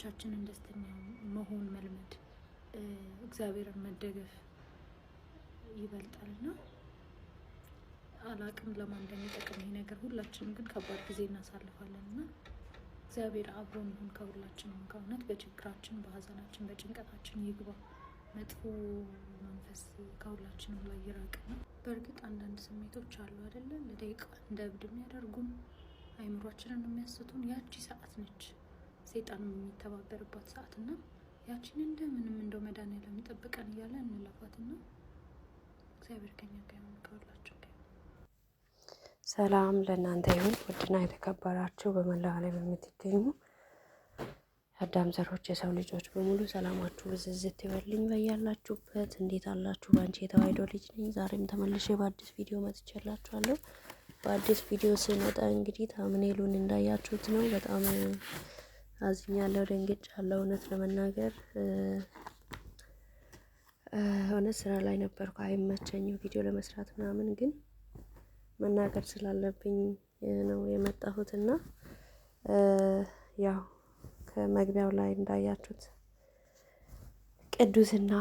ብቻችንን ደስተኛ መሆን መልመድ፣ እግዚአብሔርን መደገፍ ይበልጣል እና አላቅም ለማን እንደሚጠቅም ይሄ ነገር። ሁላችንም ግን ከባድ ጊዜ እናሳልፋለን እና እግዚአብሔር አብሮ ይሁን ከሁላችንም ከእውነት በችግራችን፣ በሀዘናችን፣ በጭንቀታችን ይግባ። መጥፎ መንፈስ ከሁላችንም ላይ ይራቅ ነው። በእርግጥ አንዳንድ ስሜቶች አሉ አይደለም፣ ለደቂቃ እንደ እብድ የሚያደርጉን አይምሯችንን የሚያስቱን ያቺ ሰዓት ነች። ሰይጣን የሚተባበርባት ሰዓት እና ያችን እንደምንም እንደው መድኃኒዓለም ጠብቀን እያለ እንለፋት እና እግዚአብሔር ከኛ ጋር ከሁላችሁ ሰላም ለእናንተ ይሁን። ውድና የተከበራችሁ በመላው ዓለም የምትገኙ አዳም ዘሮች የሰው ልጆች በሙሉ ሰላማችሁ ብዝዝት ይበልኝ በያላችሁበት። እንዴት አላችሁ? በአንቺ የተዋሕዶ ልጅ ነኝ። ዛሬም ተመልሼ በአዲስ ቪዲዮ መጥቼላችኋለሁ። በአዲስ ቪዲዮ ስመጣ እንግዲህ ታምኔሉን እንዳያችሁት ነው። በጣም አዝኛለሁ፣ ደንግጫለሁ። እውነት ለመናገር እውነት ስራ ላይ ነበርኩ፣ አይመቸኝም ቪዲዮ ለመስራት ምናምን፣ ግን መናገር ስላለብኝ ነው የመጣሁት እና ያው ከመግቢያው ላይ እንዳያችሁት ቅዱስና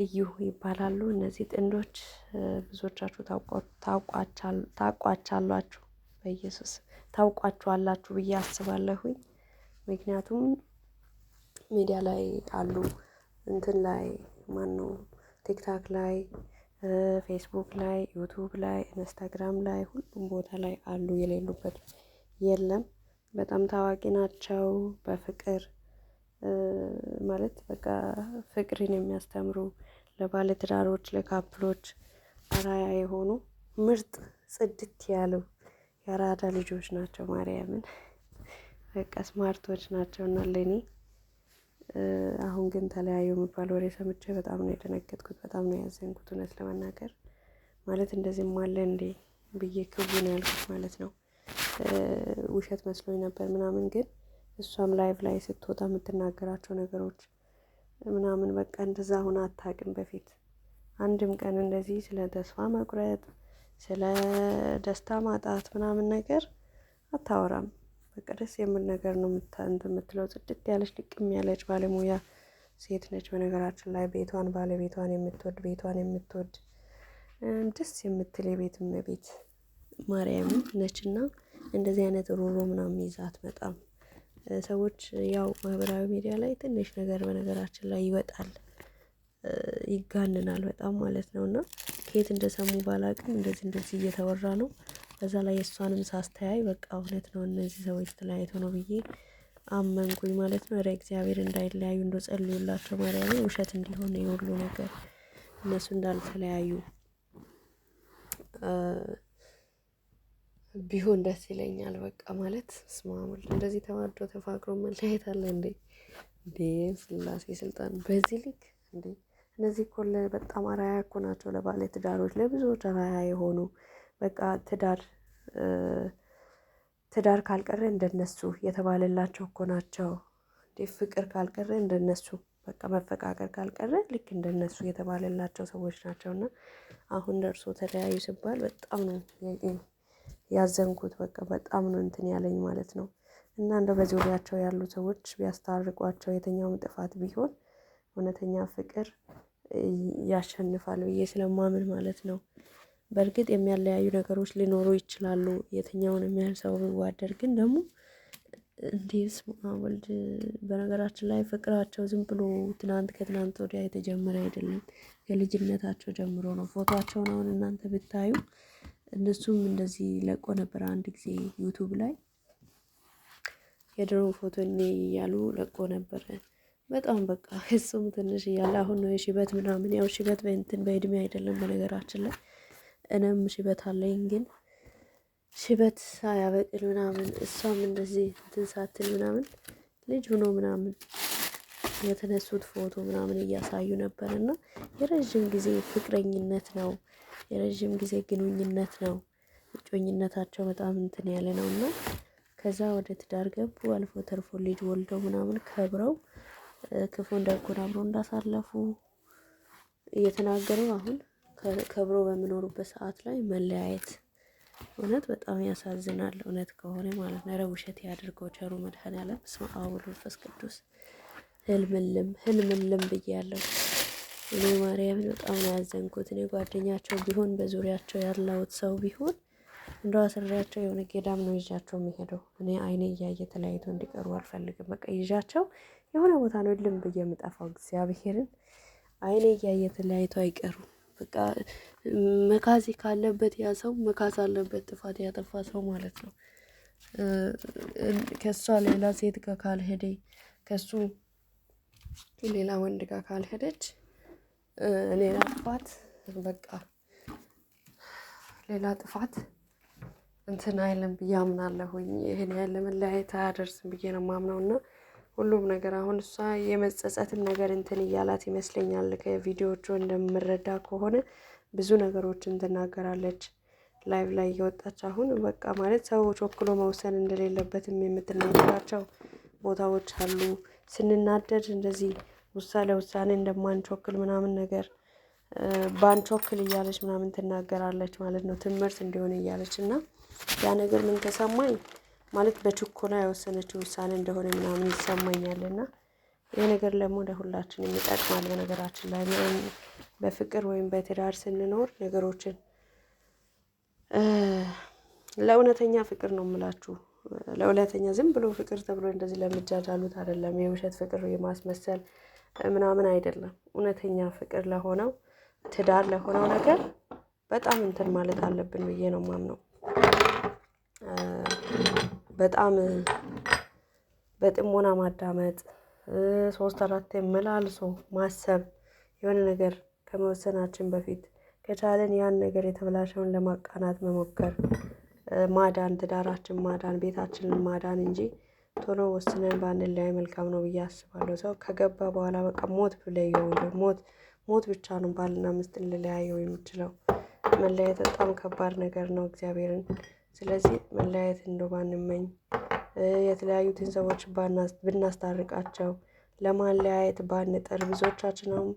ልዩ ይባላሉ። እነዚህ ጥንዶች ብዙዎቻችሁ ታውቋቸዋላችሁ በኢየሱስ ታውቋቸዋላችሁ ብዬ አስባለሁኝ። ምክንያቱም ሚዲያ ላይ አሉ እንትን ላይ ነው ቲክታክ ላይ ፌስቡክ ላይ ዩቱብ ላይ ኢንስታግራም ላይ ሁሉም ቦታ ላይ አሉ የሌሉበት የለም። በጣም ታዋቂ ናቸው። በፍቅር ማለት በቃ ፍቅርን የሚያስተምሩ ለባለትዳሮች ለካፕሎች አራያ የሆኑ ምርጥ ጽድት ያሉ የአራዳ ልጆች ናቸው። ማርያምን በቃ ስማርቶች ናቸው እና ለእኔ አሁን ግን ተለያዩ የሚባል ወሬ ሰምቼ በጣም ነው የደነገጥኩት። በጣም ነው ያዘንኩት። እውነት ለመናገር ማለት እንደዚህም አለ እንዴ ብዬ ክቡ ነው ያልኩት ማለት ነው። ውሸት መስሎኝ ነበር ምናምን። ግን እሷም ላይቭ ላይ ስትወጣ የምትናገራቸው ነገሮች ምናምን በቃ እንደዛ ሁን አታውቅም በፊት አንድም ቀን እንደዚህ ስለ ተስፋ መቁረጥ ስለ ደስታ ማጣት ምናምን ነገር አታወራም። በቃ ደስ የሚል ነገር ነው የምትለው። ጽድት ያለች ልቅም ያለች ባለሙያ ሴት ነች። በነገራችን ላይ ቤቷን ባለቤቷን የምትወድ ቤቷን የምትወድ ደስ የምትል የቤት እመቤት ማርያም ነችና እንደዚህ አይነት ሮሮ ምናምን ይዛት በጣም ሰዎች ያው ማህበራዊ ሚዲያ ላይ ትንሽ ነገር በነገራችን ላይ ይወጣል ይጋንናል በጣም ማለት ነው። እና ከየት እንደሰሙ ባላቅም እንደዚህ እንደዚህ እየተወራ ነው። በዛ ላይ የእሷንም ሳስተያይ በቃ እውነት ነው እነዚህ ሰዎች ተለያይቶ ነው ብዬ አመንኩኝ ማለት ነው። ረ እግዚአብሔር እንዳይለያዩ እንደ ጸልዩላቸው ማርያም ውሸት እንዲሆን የሁሉ ነገር እነሱ እንዳልተለያዩ ቢሆን ደስ ይለኛል። በቃ ማለት ስማሙል እንደዚህ ተዋዶ ተፋቅሮ መለያየት አለ እንዴ? እንዴ ስላሴ ስልጣን በዚህ ልክ እንዴ! እነዚህ እኮ በጣም አራያ እኮ ናቸው ለባለ ትዳሮች፣ ለብዙዎች አራያ የሆኑ በቃ ትዳር ትዳር ካልቀረ እንደነሱ የተባለላቸው እኮ ናቸው። ፍቅር ካልቀረ እንደነሱ በቃ መፈቃቀር ካልቀረ ልክ እንደነሱ የተባለላቸው ሰዎች ናቸው። እና አሁን ደርሶ ተለያዩ ሲባል በጣም ነው ያዘንኩት። በቃ በጣም ነው እንትን ያለኝ ማለት ነው። እና እንደው በዙሪያቸው ያሉ ሰዎች ቢያስታርቋቸው የተኛውም ጥፋት ቢሆን እውነተኛ ፍቅር ያሸንፋል ብዬ ስለማምን ማለት ነው። በእርግጥ የሚያለያዩ ነገሮች ሊኖሩ ይችላሉ። የትኛውን የሚያህል ሰው ቢዋደድ ግን ደግሞ እንዴት ወልድ በነገራችን ላይ ፍቅራቸው ዝም ብሎ ትናንት ከትናንት ወዲያ የተጀመረ አይደለም። ከልጅነታቸው ጀምሮ ነው። ፎቶቸውን አሁን እናንተ ብታዩ እነሱም እንደዚህ ለቆ ነበር አንድ ጊዜ ዩቱብ ላይ የድሮ ፎቶ እኔ እያሉ ለቆ ነበረ። በጣም በቃ እሱም ትንሽ እያለ አሁን ነው የሽበት ምናምን ያው ሽበት በእንትን በእድሜ አይደለም በነገራችን ላይ እኔም ሽበት አለኝ ግን ሽበት ሳያበቅል ምናምን እሷም እንደዚህ እንትን ሳትል ምናምን ልጅ ሆኖ ምናምን የተነሱት ፎቶ ምናምን እያሳዩ ነበር እና የረዥም ጊዜ ፍቅረኝነት ነው የረዥም ጊዜ ግንኙነት ነው። እጮኝነታቸው በጣም እንትን ያለ ነው እና ከዛ ወደ ትዳር ገቡ። አልፎ ተርፎ ልጅ ወልደው ምናምን ከብረው ክፉ ደጉን አብሮ እንዳሳለፉ እየተናገሩ አሁን ከብሮ በሚኖሩበት ሰዓት ላይ መለያየት እውነት በጣም ያሳዝናል። እውነት ከሆነ ማለት ነው። ኧረ ውሸት ያድርገው ቸሩ መድኃኔዓለም። በስመ አብ ወወልድ ወመንፈስ ቅዱስ። ህልምልም ህልምልም ብያለሁ እኔ ማርያምን በጣም ነው ያዘንኩት። እኔ ጓደኛቸው ቢሆን በዙሪያቸው ያለውት ሰው ቢሆን እንደ አስሬያቸው የሆነ ገዳም ነው ይዣቸው የሚሄደው። እኔ አይኔ እያየ ተለያይቶ እንዲቀሩ አልፈልግም። በቃ ይዣቸው የሆነ ቦታ ነው ልም ብዬ የምጠፋው። እግዚአብሔርን አይኔ እያየ ተለያይቶ አይቀሩም። በቃ መካዝ ካለበት ያ ሰው መካዝ አለበት፣ ጥፋት ያጠፋ ሰው ማለት ነው። ከእሷ ሌላ ሴት ጋር ካልሄደ ከሱ ሌላ ወንድ ጋር ካልሄደች ሌላ ጥፋት በቃ ሌላ ጥፋት እንትን አይልም ብዬ አምናለሁኝ። ይሄን ያለ መለያየት አያደርስም ብዬ ነው ማምነውና ሁሉም ነገር አሁን እሷ የመጸጸትን ነገር እንትን እያላት ይመስለኛል። ከቪዲዮዎቹ እንደምረዳ ከሆነ ብዙ ነገሮችን ትናገራለች ላይቭ ላይ እየወጣች አሁን በቃ ማለት ሰው ቾክሎ መውሰን እንደሌለበትም የምትናገራቸው ቦታዎች አሉ። ስንናደድ እንደዚህ ውሳ ለውሳኔ እንደማንቾክል ምናምን ነገር ባንቾክል እያለች ምናምን ትናገራለች ማለት ነው። ትምህርት እንዲሆን እያለች እና ያ ነገር ምን ተሰማኝ ማለት በችኮላ የወሰነችው ውሳኔ እንደሆነ ምናምን ይሰማኛል እና ይህ ነገር ደግሞ ለሁላችን የሚጠቅማል። በነገራችን ላይ በፍቅር ወይም በትዳር ስንኖር ነገሮችን ለእውነተኛ ፍቅር ነው የምላችሁ። ለእውነተኛ ዝም ብሎ ፍቅር ተብሎ እንደዚህ ለምጃጃሉት አይደለም። የውሸት ፍቅር የማስመሰል ምናምን አይደለም። እውነተኛ ፍቅር ለሆነው ትዳር ለሆነው ነገር በጣም እንትን ማለት አለብን ብዬ ነው ማምነው። በጣም በጥሞና ማዳመጥ፣ ሶስት አራት መላልሶ ማሰብ የሆነ ነገር ከመወሰናችን በፊት ከቻለን ያን ነገር የተበላሸውን ለማቃናት መሞከር ማዳን ትዳራችን ማዳን ቤታችንን ማዳን እንጂ ቶሎ ወስነን በአንድ ላይ መልካም ነው ብዬ አስባለሁ። ሰው ከገባ በኋላ በቃ ሞት ብለየው ሞት ሞት ብቻ ነው ባልና ሚስትን ልለያየው የምችለው። መለያየት በጣም ከባድ ነገር ነው። እግዚአብሔርን ስለዚህ መለያየት እንደው የተለያዩ የተለያዩትን ብናስታርቃቸው ለማለያየት ባንጥር። ብዙዎቻችንም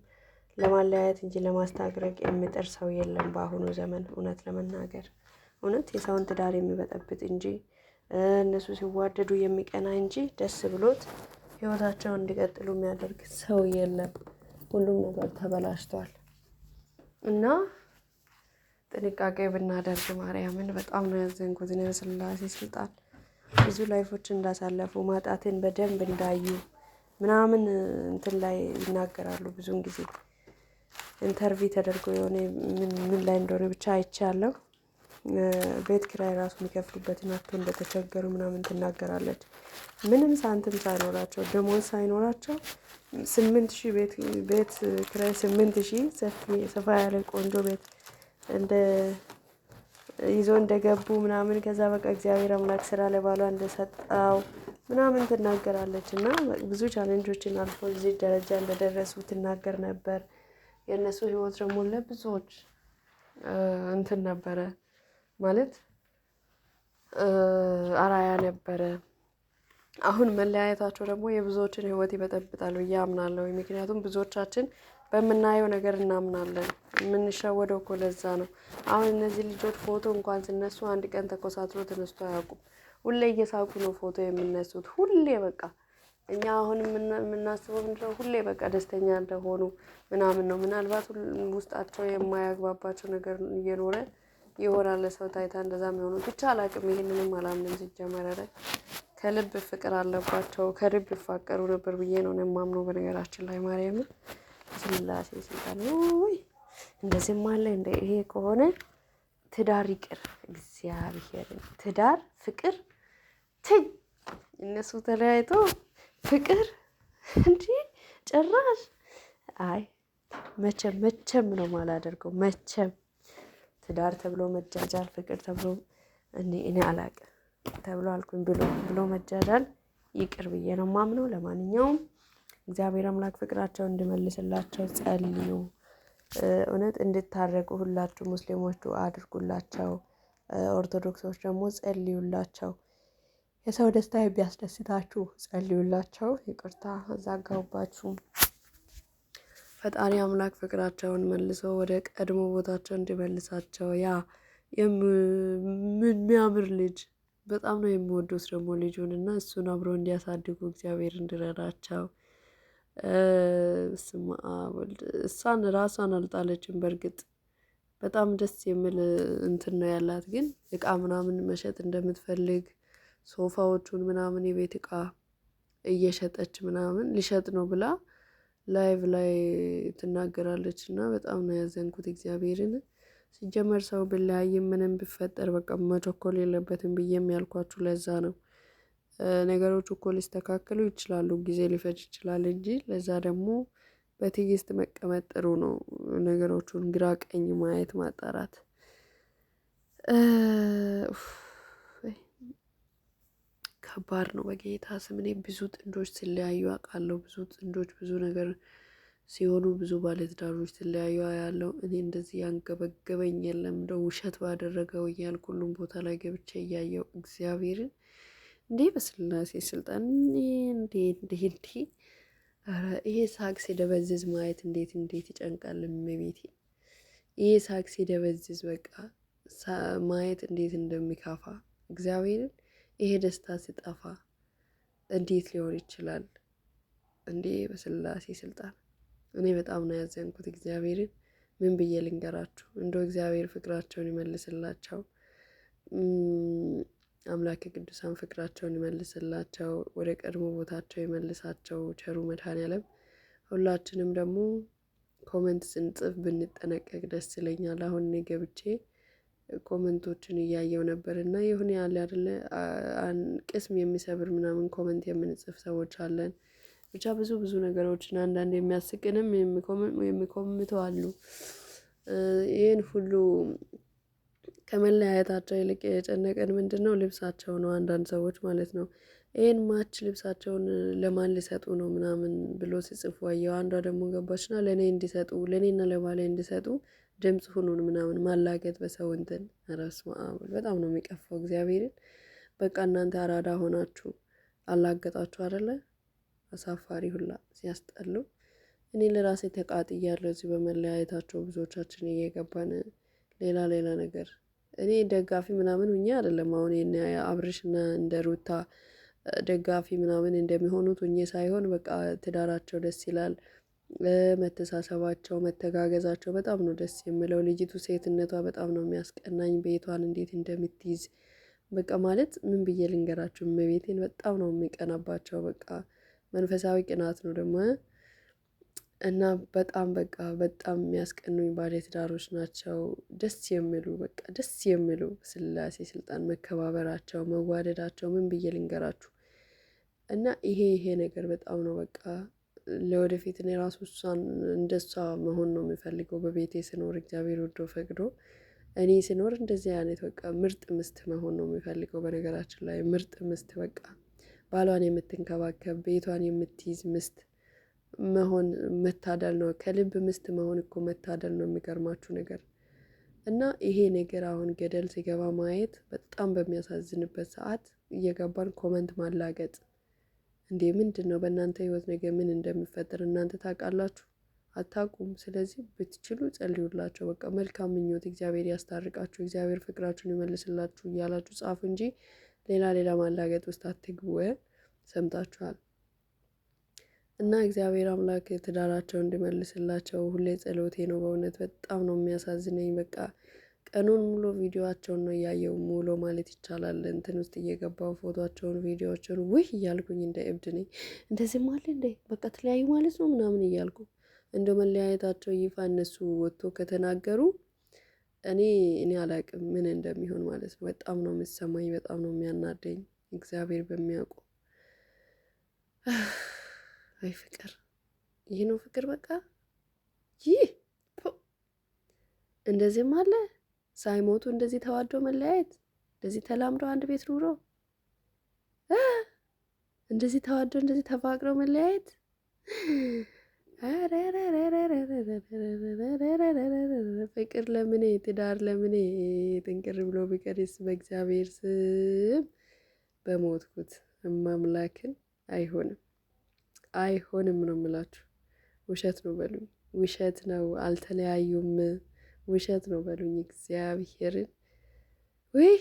ለማለያየት እንጂ ለማስታረቅ የሚጥር ሰው የለም በአሁኑ ዘመን እውነት ለመናገር እውነት የሰውን ትዳር የሚበጠብጥ እንጂ እነሱ ሲዋደዱ የሚቀና እንጂ ደስ ብሎት ህይወታቸውን እንዲቀጥሉ የሚያደርግ ሰው የለም። ሁሉም ነገር ተበላሽቷል እና ጥንቃቄ ብናደርግ ማርያምን በጣም ነው ያዘንኩት። ስላሴ ስልጣን ብዙ ላይፎች እንዳሳለፉ ማጣትን በደንብ እንዳዩ ምናምን እንትን ላይ ይናገራሉ። ብዙውን ጊዜ ኢንተርቪ ተደርጎ የሆነ ምን ላይ እንደሆነ ብቻ አይቻለሁ። ቤት ኪራይ ራሱ የሚከፍሉበትን አቶ እንደተቸገሩ ምናምን ትናገራለች። ምንም ሳንትም ሳይኖራቸው ደሞዝ ሳይኖራቸው ስምንት ሺህ ቤት ኪራይ ስምንት ሺህ ሰፋ ያለ ቆንጆ ቤት እንደ ይዞ እንደገቡ ምናምን ከዛ በቃ እግዚአብሔር አምላክ ስራ ለባሏ እንደሰጣው ምናምን ትናገራለች እና ብዙ ቻሌንጆችን አልፎ እዚህ ደረጃ እንደደረሱ ትናገር ነበር። የእነሱ ህይወት ደግሞ ለብዙዎች እንትን ነበረ ማለት አራያ ነበረ። አሁን መለያየታቸው ደግሞ የብዙዎችን ህይወት ይበጠብጣል ብዬ አምናለሁ። ምክንያቱም ብዙዎቻችን በምናየው ነገር እናምናለን። የምንሸወደው እኮ ለዛ ነው። አሁን እነዚህ ልጆች ፎቶ እንኳን ስነሱ አንድ ቀን ተኮሳትሮ ተነስቶ አያውቁም። ሁሌ እየሳቁ ነው ፎቶ የምነሱት። ሁሌ በቃ እኛ አሁን የምናስበው ምንድነው? ሁሌ በቃ ደስተኛ እንደሆኑ ምናምን ነው። ምናልባት ውስጣቸው የማያግባባቸው ነገር እየኖረ ይሆናል። ሰው ታይታ እንደዛ የሚሆኑ ብቻ አላቅም። ይህንንም አላምንም ሲጀመረ ከልብ ፍቅር አለባቸው ከልብ ይፋቀሩ ነበር ብዬ ነው የማምነው። በነገራችን ላይ ማርያምን ስላሴ ስልጣን ውይ እንደዚህ ማለ እንደ ይሄ ከሆነ ትዳር ይቅር እግዚአብሔር ትዳር ፍቅር ትኝ እነሱ ተለያይቶ ፍቅር እንዲ ጭራሽ አይ መቼም መቼም ነው ማላደርገው መቼም ትዳር ተብሎ መጃጃል ፍቅር ተብሎ እኔ እኔ ተብሎ አልኩኝ ብሎ ብሎ መጃጃል ይቅር ብዬ ነው ማምነው ለማንኛውም እግዚአብሔር አምላክ ፍቅራቸው እንዲመልስላቸው ጸልዩ። እውነት እንድታረቁ ሁላችሁ ሙስሊሞቹ አድርጉላቸው። ኦርቶዶክሶች ደግሞ ጸልዩላቸው። የሰው ደስታ ቢያስደስታችሁ ጸልዩላቸው። ይቅርታ አዛጋውባችሁ። ፈጣሪ አምላክ ፍቅራቸውን መልሶ ወደ ቀድሞ ቦታቸው እንዲመልሳቸው። ያ የሚያምር ልጅ በጣም ነው የሚወዱት ደግሞ ልጁን እና እሱን አብሮ እንዲያሳድጉ እግዚአብሔር እንዲረዳቸው ስማ ወልድ እሷን ራሷን አልጣለችም። በእርግጥ በጣም ደስ የሚል እንትን ነው ያላት። ግን እቃ ምናምን መሸጥ እንደምትፈልግ ሶፋዎቹን ምናምን የቤት እቃ እየሸጠች ምናምን ሊሸጥ ነው ብላ ላይቭ ላይ ትናገራለች። እና በጣም ነው ያዘንኩት እግዚአብሔርን። ሲጀመር ሰው ብለያይም ምንም ቢፈጠር በቃ መቸኮል የለበትም ብዬ ያልኳችሁ ለዛ ነው። ነገሮች እኮ ሊስተካከሉ ይችላሉ ጊዜ ሊፈጅ ይችላል እንጂ ለዛ ደግሞ በትዕግስት መቀመጥ ጥሩ ነው። ነገሮቹን ግራ ቀኝ ማየት ማጣራት ከባድ ነው። በጌታ ስም እኔ ብዙ ጥንዶች ሲለያዩ አውቃለሁ። ብዙ ጥንዶች ብዙ ነገር ሲሆኑ ብዙ ባለትዳሮች ሲለያዩ ያለው እኔ እንደዚህ ያንገበገበኝ የለም እንደው ውሸት ባደረገው እያልኩ ሁሉም ቦታ ላይ ገብቼ እያየው እግዚአብሔርን እንዴ በስላሴ ስልጣን ይሄ ሳቅ ሲደበዝዝ ማየት እንዴት እንዴት ይጨንቃል። እመቤቴ ይሄ ሳቅ ሲደበዝዝ በቃ ማየት እንዴት እንደሚካፋ እግዚአብሔርን። ይሄ ደስታ ሲጠፋ እንዴት ሊሆን ይችላል? እንዴ በስላሴ ስልጣን እኔ በጣም ነው ያዘንኩት። እግዚአብሔርን ምን ብዬ ልንገራችሁ? እንደ እግዚአብሔር ፍቅራቸውን ይመልስላቸው። አምላክ ቅዱሳን ፍቅራቸውን ይመልስላቸው፣ ወደ ቀድሞ ቦታቸው ይመልሳቸው ቸሩ መድኃኔዓለም። ሁላችንም ደግሞ ኮመንት ስንጽፍ ብንጠነቀቅ ደስ ይለኛል። አሁን እኔ ገብቼ ኮመንቶችን እያየው ነበር እና ይሁን ያለ አይደለ ቅስም የሚሰብር ምናምን ኮመንት የምንጽፍ ሰዎች አለን። ብቻ ብዙ ብዙ ነገሮችን አንዳንድ የሚያስቅንም የሚኮምተው አሉ። ይህን ሁሉ ከመለያየታቸው ይልቅ የጨነቀን ምንድን ነው ልብሳቸው ነው። አንዳንድ ሰዎች ማለት ነው ይህን ማች ልብሳቸውን ለማን ሊሰጡ ነው ምናምን ብሎ ሲጽፉ አየው። አንዷ ደግሞ ገባችና ለእኔ እንዲሰጡ ለእኔና ለባሌ እንዲሰጡ ድምፅ ሁኑን ምናምን ማላገጥ በሰው እንትን ረስ በጣም ነው የሚቀፋው። እግዚአብሔርን በቃ እናንተ አራዳ ሆናችሁ አላገጣችሁ አደለ? አሳፋሪ ሁላ ሲያስጠሉ። እኔ ለራሴ ተቃጥያለሁ እዚህ በመለያየታቸው ብዙዎቻችን እየገባን ሌላ ሌላ ነገር እኔ ደጋፊ ምናምን ሁኜ አይደለም አሁን አብርሽና እንደ ሩታ ደጋፊ ምናምን እንደሚሆኑት ሁኜ ሳይሆን በቃ ትዳራቸው ደስ ይላል። መተሳሰባቸው፣ መተጋገዛቸው በጣም ነው ደስ የምለው። ልጅቱ ሴትነቷ በጣም ነው የሚያስቀናኝ። ቤቷን እንዴት እንደምትይዝ በቃ ማለት ምን ብዬ ልንገራችሁ፣ እመቤቴን በጣም ነው የሚቀናባቸው። በቃ መንፈሳዊ ቅናት ነው ደግሞ እና በጣም በቃ በጣም የሚያስቀኑኝ ባለትዳሮች ናቸው። ደስ የሚሉ በቃ ደስ የሚሉ ስላሴ ስልጣን መከባበራቸው መዋደዳቸው ምን ብዬ ልንገራችሁ። እና ይሄ ይሄ ነገር በጣም ነው በቃ ለወደፊት እኔ ራሱ እሷን እንደሷ መሆን ነው የምፈልገው። በቤቴ ስኖር እግዚአብሔር ወዶ ፈቅዶ እኔ ስኖር እንደዚህ አይነት በቃ ምርጥ ምስት መሆን ነው የሚፈልገው። በነገራችን ላይ ምርጥ ምስት በቃ ባሏን የምትንከባከብ ቤቷን የምትይዝ ምስት መሆን መታደል ነው። ከልብ ምስት መሆን እኮ መታደል ነው። የሚገርማችሁ ነገር እና ይሄ ነገር አሁን ገደል ሲገባ ማየት በጣም በሚያሳዝንበት ሰዓት እየገባን ኮመንት ማላገጥ እንዴ! ምንድን ነው በእናንተ ህይወት ነገ ምን እንደሚፈጠር እናንተ ታውቃላችሁ? አታውቁም። ስለዚህ ብትችሉ ጸልዩላቸው። በቃ መልካም ምኞት፣ እግዚአብሔር ያስታርቃችሁ፣ እግዚአብሔር ፍቅራችሁን ይመልስላችሁ እያላችሁ ጻፉ እንጂ ሌላ ሌላ ማላገጥ ውስጥ አትግቡ። ሰምታችኋል። እና እግዚአብሔር አምላክ ትዳራቸው እንዲመልስላቸው ሁሌ ጸሎቴ ነው። በእውነት በጣም ነው የሚያሳዝነኝ። በቃ ቀኑን ሙሉ ቪዲዮቸውን ነው እያየው ሙሉ ማለት ይቻላል። እንትን ውስጥ እየገባው ፎቶቸውን፣ ቪዲዮቸውን ውህ እያልኩኝ እንደ እብድ ነኝ። እንደዚህ ማለት እንደ በቃ ተለያዩ ማለት ነው ምናምን እያልኩ እንደ መለያየታቸው ይፋ እነሱ ወጥቶ ከተናገሩ እኔ እኔ አላቅም ምን እንደሚሆን ማለት ነው። በጣም ነው የምሰማኝ፣ በጣም ነው የሚያናደኝ። እግዚአብሔር በሚያውቁ ወይ ፍቅር፣ ይህ ነው ፍቅር። በቃ ይህ እንደዚህም አለ ሳይሞቱ እንደዚህ ተዋዶ መለያየት፣ እንደዚህ ተላምዶ አንድ ቤት ኑሮ እንደዚህ ተዋዶ እንደዚህ ተፋቅረው መለያየት ፍቅር ለምኔ ትዳር ለምኔ ጥንቅር ብሎ ቢቀርስ በእግዚአብሔር ስም በሞትኩት እማምላክን አይሆንም። አይሆንም ነው የምላችሁ። ውሸት ነው በሉኝ፣ ውሸት ነው፣ አልተለያዩም፣ ውሸት ነው በሉኝ። እግዚአብሔርን ወይ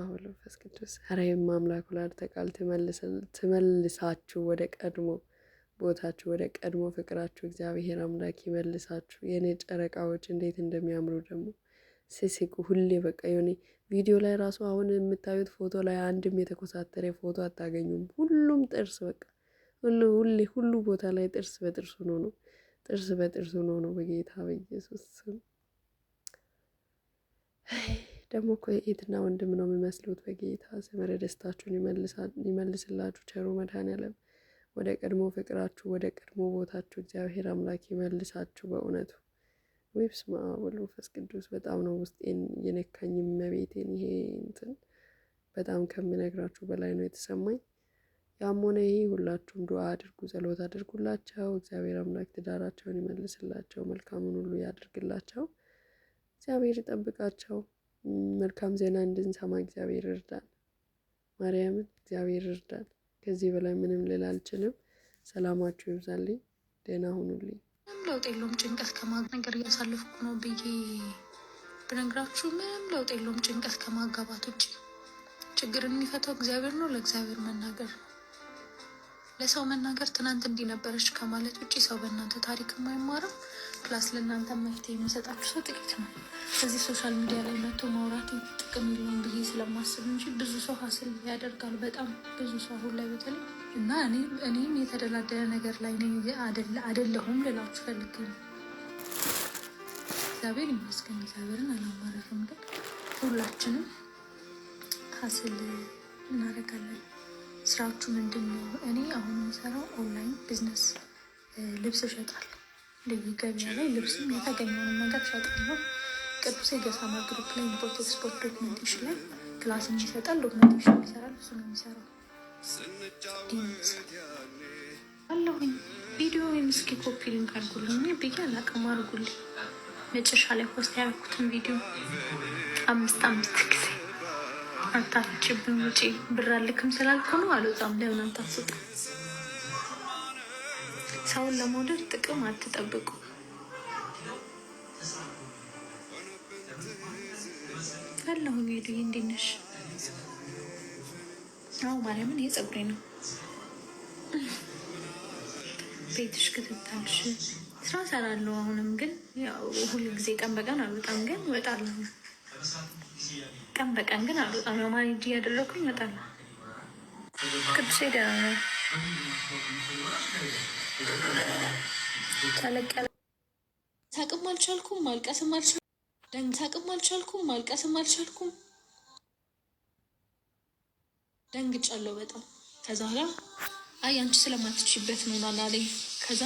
አሁን መንፈስ ቅዱስ ራይም አምላክ ላድ ተቃል ትመልሳችሁ ወደ ቀድሞ ቦታችሁ ወደ ቀድሞ ፍቅራችሁ እግዚአብሔር አምላክ ይመልሳችሁ። የእኔ ጨረቃዎች እንዴት እንደሚያምሩ ደግሞ ሲስቁ ሁሌ በቃ የሆነ ቪዲዮ ላይ ራሱ አሁን የምታዩት ፎቶ ላይ አንድም የተኮሳተረ ፎቶ አታገኙም። ሁሉም ጥርስ በቃ ሁሉ ሁሌ ሁሉ ቦታ ላይ ጥርስ በጥርስ ሆኖ ነው ጥርስ በጥርስ ሆኖ ነው። በጌታ በኢየሱስ ስም ደግሞ እኮ የእህትና ወንድም ነው የሚመስሉት። በጌታ ዘመረ ደስታችሁን ይመልስላችሁ ቸሩ መድኃኔዓለም ወደ ቀድሞ ፍቅራችሁ ወደ ቀድሞ ቦታችሁ እግዚአብሔር አምላክ ይመልሳችሁ በእውነቱ። ወይ በስመ አብ ወወልድ ወመንፈስ ቅዱስ። በጣም ነው ውስጤን የነካኝ መቤቴን። ይሄ እንትን በጣም ከምነግራችሁ በላይ ነው የተሰማኝ። ያም ሆነ ይህ ሁላችሁም ዱዓ አድርጉ፣ ጸሎት አድርጉላቸው። እግዚአብሔር አምላክ ትዳራቸውን ይመልስላቸው፣ መልካሙን ሁሉ ያድርግላቸው፣ እግዚአብሔር ይጠብቃቸው። መልካም ዜና እንድንሰማ እግዚአብሔር እርዳን። ማርያምን እግዚአብሔር እርዳን። ከዚህ በላይ ምንም ልል አልችልም። ሰላማችሁ ይብዛልኝ። ደህና ሁኑልኝ። ለውጥ የለውም። ጭንቀት ከማነገር እያሳለፍኩ ነው ብዬ ብነግራችሁ ምንም ለውጥ የለውም። ጭንቀት ከማጋባት ውጭ ችግርን የሚፈታው እግዚአብሔር ነው። ለእግዚአብሔር መናገር ነው። ለሰው መናገር ትናንት እንዲህ ነበረች ከማለት ውጭ ሰው በእናንተ ታሪክ የማይማረው ፕላስ ለእናንተ መፍትሄ የሚሰጣችሁ ሰው ጥቂት ነው። እዚህ ሶሻል ሚዲያ ላይ መቶ ማውራት ጥቅም ሊሆን ብዬ ስለማስብ እንጂ ብዙ ሰው ሀስል ያደርጋል። በጣም ብዙ ሰው አሁን ላይ በተለይ እና እኔም የተደላደለ ነገር ላይ ነኝ አደለሁም ልላችሁ ፈልግ ነው። እግዚአብሔር ይመስገን፣ እግዚአብሔርን አላማረፍም። ግን ሁላችንም ሀስል እናደርጋለን። ስራዎቹ ምንድን ነው? እኔ አሁን የምሰራው ኦንላይን ቢዝነስ ልብስ እሸጣለሁ። ልዩ ገበያ ላይ ልብስም የተገኘውን ነገር እሸጣለሁ። ቅዱስ የገሳማ ግሩፕ ላይ ኢምፖርት ኤክስፖርት ዶክመንቴሽን ላይ ክላስ ይሰጣል። ዶክመንቴሽን ይሰራል። እሱ ነው የሚሰራው አለሁኝ ቪዲዮ ወይም እስኪ ኮፒ ሊንክ አድርጉልኝ ብዬ አላቅም። አድርጉልኝ መጨረሻ ላይ ፖስት ያደረኩትን ቪዲዮ አምስት አምስት ጊዜ አታችብን ውጪ ብር አልክም ስላልኩ ነው አልወጣም። ለምን ሰውን ለመውደድ ጥቅም አትጠብቁ። ያለሁ ሄዱ እንዴት ነሽ? አዎ ማርያምን ነው ቤትሽ ክትታልሽ ስራ ሰራለሁ። አሁንም ግን ሁሉ ጊዜ ቀን በቀን አልወጣም፣ ግን ወጣለሁ። ቀን በቀን ግን አልወጣም ነው ማኔጅ እያደረኩኝ ይመጣል። ቅዱሴ ደህና ነው። ሳቅም አልቻልኩም፣ ማልቀስም አልቻልኩም። ደን ሳቅም አልቻልኩም፣ ማልቀስም አልቻልኩም። ደንግጫለሁ በጣም ከዛ ኋላ አይ አንቺ ስለማትችበት ነው አለኝ ከዛ